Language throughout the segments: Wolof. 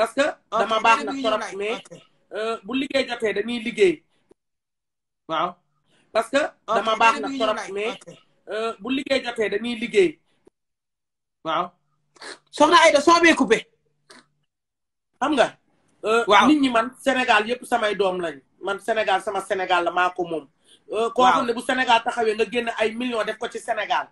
parce que dama baax nag trop mais euh, bu liggéey jotee dañuy liggéey waaw parce que dama baax nag trop mais euh, bu liggéey jotee dañuy liggéey soxna Aida soo bee coupé xam nga euh, waaw nit ñi man Sénégal yëpp samay doom lañ man Sénégal sama Sénégal la maa ko moom koo xam ne bu Sénégal taxawee nga génn ay millions def ko ci Sénégal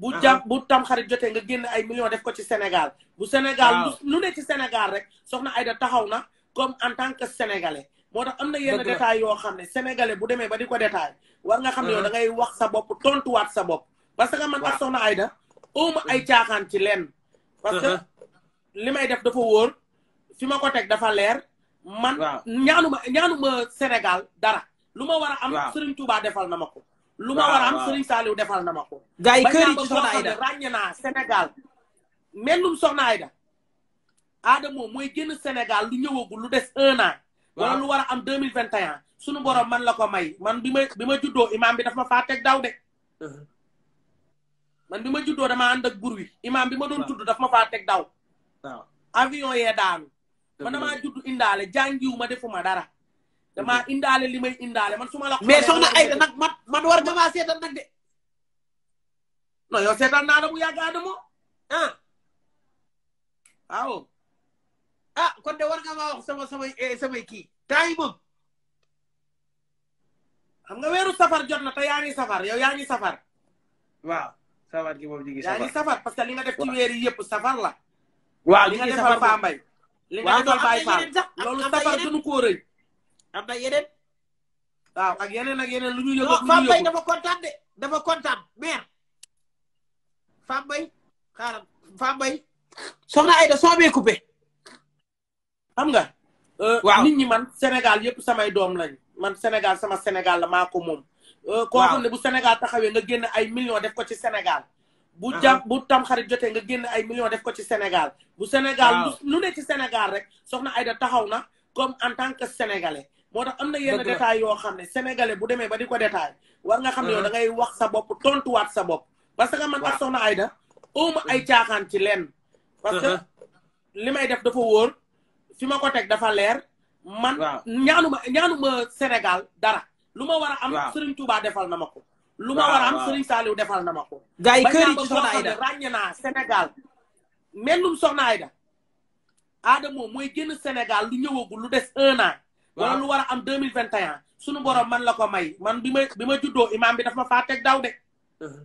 bu jàpp bu tamxarit jotee nga génn ay millions def ko ci Sénégal. bu Sénégal lu ne ci Sénégal rek soxna Aida taxaw na comme en tant que sénégalais. moo tax am na yenn détails yoo xam ne sénégalais bu demee ba di ko détail war nga xam ne yow da ngay wax sa bopp tontuwaat sa bopp. parce que man ak soxna Aida ooma ay caaxaan ci leen parce que li may def dafa wóor fi ma ko teg dafa leer. man ñaanuma ñaanuma Sénégal dara. lu ma war a am Serigne Touba defal na ma ko. lu ma war a am Serigne Saliou defal na ma ko. gars yi kër yi ci soxna Aida ràññe naa Sénégal. melum soxna Aida. mooy génn Sénégal lu ñëwagul lu des un an. wala lu war a am deux mille vingt et un sunu borom man la ko may man bi ma bi ma juddoo bi daf ma faa teg daw de. Uh-huh. man bi ma juddoo damaa ànd ak bur wi imaam bi ma doon tudd daf ma faa teg daw. waaw avion yee daanu. man damaa judd indaale jàngiwu ma defu ma dara. damaa indaale li may indaale man suma ma la. mais soxna nag man war nga maa seetaan nag de non yow seetaan naa la bu yàgg Adamo ah waaw ah kon de war ga maa wax sama samay eh, samay kii temps yi moom weeru safar jot na te yaa ngi safar yow yaa ngi safar waaw safar gi moom ñu ngi safar yaa parce que li nga def ci weer yi safar la waaw li nga defal Pambay loolu safar gënu koo rëy am na yeneen waaw ak yeneen ak yeneen lu ñu yëg ak Fambay dafa kontaan de dafa kontaan meer Fambay xaaral Fambay soxna Ayda soo bee coupé xam nga euh, waaw nit ñi man Sénégal yëpp samay doom lañ man Sénégal sama Sénégal la maa ko moom euh, koo xam ne bu Sénégal taxawee nga génn ay millions def ko ci Sénégal bu jàpp bu tam xarit jotee nga génn ay millions def ko ci Sénégal bu Sénégal lu ne ci Sénégal rek soxna Ayda taxaw na comme en tant que sénégalais moo tax am na yenn détails yoo xam ne sénégalais bu demee ba di ko détail war nga xam ne yow da ngay wax sa bopp tontuwaat sa bopp parce que man ak soxna Aida ooma ay caaxaan ci lenn parce que li may def dafa wóor fi ma ko teg dafa leer man ñaanuma ñaanuma Sénégal dara lu ma war a am Serigne Touba defal na ma ko lu ma am Serigne Saliou defal na ma ko gars yi kër yi ci soxna Aida ràññe naa Sénégal mennum mooy génn Sénégal lu ñëwagul lu des un an wala lu war a am deux mille vingt et un man la ko may man bi ma bi ma juddoo imaam bi daf ma faa teg daw de uh-huh.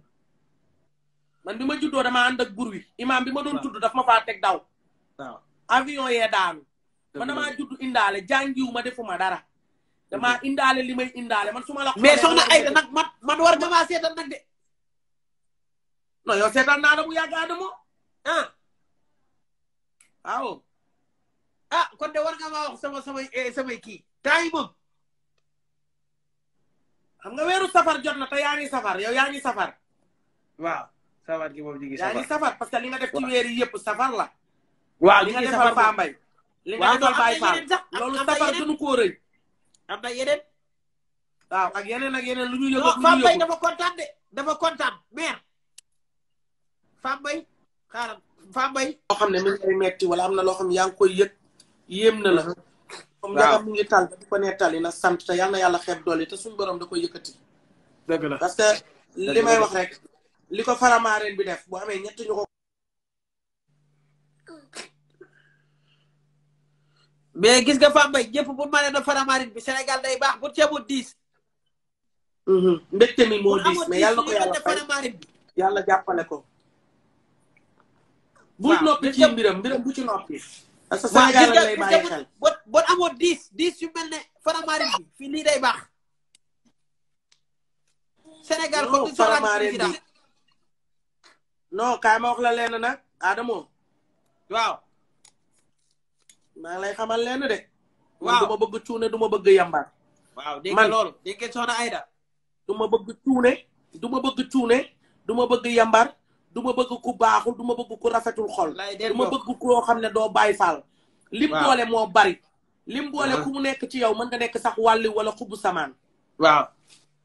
man bi ma juddoo damaa ànd ak bur i imaam bi ma doon tudd daf ma faa teg daw waaw avion yee daanu man damaa judd indaale jàngiwu ma defuma dara damaa indaale li may indaale man su ma la mais soxna Ayda nag man man war nga maa seetaan nag de non yow seetaan naa la bu yàgg Adamo ah waaw ah kon de war nga maa sama eh, samay kii temps yi nga weeru safar jot na te yaa ngi safar yow yaa safar waaw safar gi moom ñu ngi safar parce que li nga def ci weer yëpp safar la waaw li nga defal Paa Mbaye loolu safar gënu koo rëy am na yeneen waaw ak yeneen ak yeneen lu ñu yëg Paa dafa kontaan de dafa kontaan meer Paa Mbaye xaaral xam ne mi ngi metti wala am na loo xam koy yëg yéem na la. waaw comme ndagam mu ngi tal ba di ko nettali na sant te yal na yàlla xeeb doole te suñu borom da koy yëkkati. dëgg la parce que li may wax rek. li ko faramaareen bi def bu amee ñett ñu ko. mais gis nga Fambaye ñëpp bu ma nee na faramaareen bi Sénégal day baax bu ceebut diis. Mhm. mbégte mi moo diis mais yàlla na ko yàlla fay yàlla jàppale ko. bu noppi ci mbiram mbiram bu ci noppi. parce que Sénégal lay bàyyi xel mel ne Faramari bi fii lii day baax. Sénégal comme ni Faramari bi non kaay ma leen nag Adamo. waaw. maa lay xamal leen de. waaw du bëgg cuune du bëgg yambaar. waaw dégg nga loolu dégg bëgg cuune du bëgg cuune du bëgg yambaar du ma bëgg ku baaxul du ma bëgg ku rafetul xol du ma bëgg koo xam ne doo bàyyi faal lim boole moo bari lim boole uh-huh. ku mu nekk ci yow mën nga nekk sax wàlli wala xub samaan waaw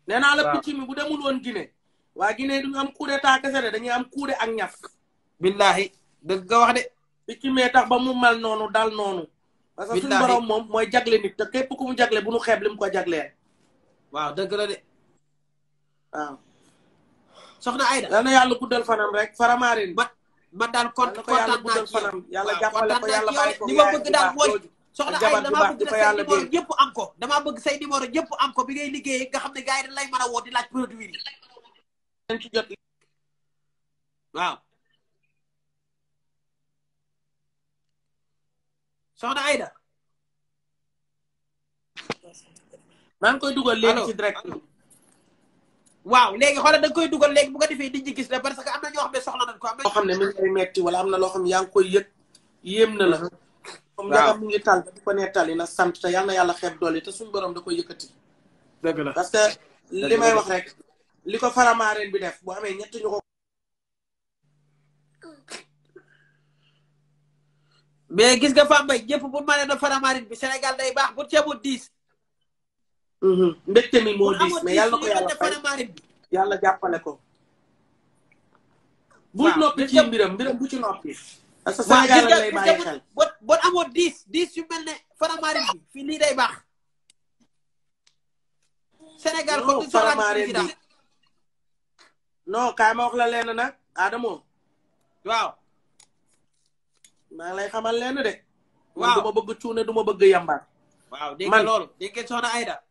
nee naa la picc mi bu demul woon Guinée waa Guinée du ñu am coup d'état kese de dañuy am coup de ak ñaf billaahi dëgg nga wax de picc mee tax ba mu mal noonu dal noonu parce que suñu borom moom mooy jagle nit te képp ku mu jagle bu nu xeeb li mu ko jagleel waaw dëgg la de waaw soxna Ayda yal na yàlla guddal fanam rek faramarin ma ma daal kontaan naa ci yow yàlla jàppale ko yàlla bàyyi ko li ma bëgg daal mooy soxna Ayda damaa bëgg say numéro yëpp am ko damaa bëgg say numéro yëpp am ko bi ngay liggéeyee nga xam ne gars yi dañ lay mën a woo di laaj produit yi dañ ci jot waaw soxna Ayda maa ngi koy dugal léegi ci direct waaw léegi xoolal da nga koy dugal léegi bu ko defee di ji gis la parce que am na ñoo xam ne soxla nañ ko am na. loo xam ne mi ngi lay metti wala na yaa ngi koy yëg yéem na la. waaw comme ndagam ngi tàll di ko nee tàlli na sant te yal na yàlla xeeb doole te suñu borom da koy yëkkati. dëgg la parce que li may wax rek. li ko faramaareen bi def boo amee ñett ñu ko. mais gis nga Fambaye ñëpp bu ma nee na faramaareen bi Sénégal day baax bu ceebut diis. Mm-hmm. mbégte mi moo diis mais yàlla ko yàlla a yàlla jàppale ko. bul noppi bu ci noppi. parce que Sénégal lay bi fii lii day baax. Sénégal comme ni faramaarin bi non kaay ma wax la leen waaw. maa lay xamal leen de. waaw ma bëgg cuune du ma bëgg yambar. waaw dégg nga loolu dégg nga soxna Aida.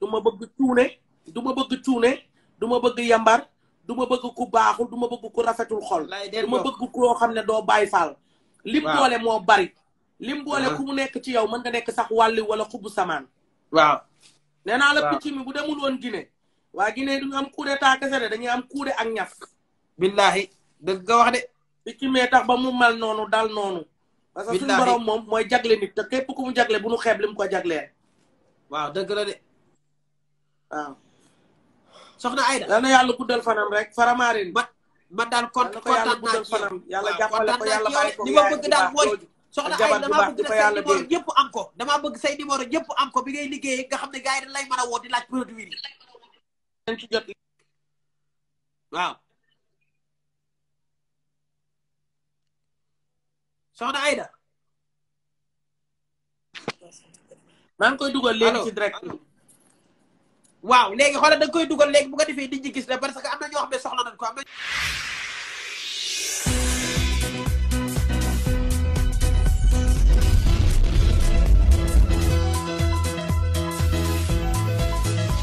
du ma bëgg cuune du ma bëgg cuune du ma bëgg yambar du ma bëgg ku baaxul du ma bëgg ku rafetul xol du ma bëgg koo xam ne doo bàyyi faal lim boole moo bari lim boole ku mu nekk ci yow mën nga nekk sax wàlli wala xubu samaan waaw nee naa la picc mi bu demul woon Guinée waa Guinée du ñu am coup d'état kese de dañuy am coup de ak ñaf billaahi dëgg ga wax de picc tax ba mu mal noonu dal noonu parce que suñu borom moom mooy jagle nit te képp ku mu jagle bu nu xeeb li mu ko jagleel waaw waaw. soxna Aida yal na yàlla guddal fanam rek faramarin ma ma daal kontaan naa ci yow yàlla jàppale ko yàlla bàyyi ko li ma bëgg daal mooy soxna Aida damaa bëgg say numéro yëpp am ko damaa bëgg say numéro yëpp am ko bi ngay liggéeyee nga xam ne gars yi dañ lay mën a woo di laaj produit yi dañ ci jot waaw soxna Aida maa ngi koy dugal léegi ci direct waaw léegi xoolal da koy dugal léegi bu ko defee nit ñi gis ne que am na ñoo xam soxla nañ ko am na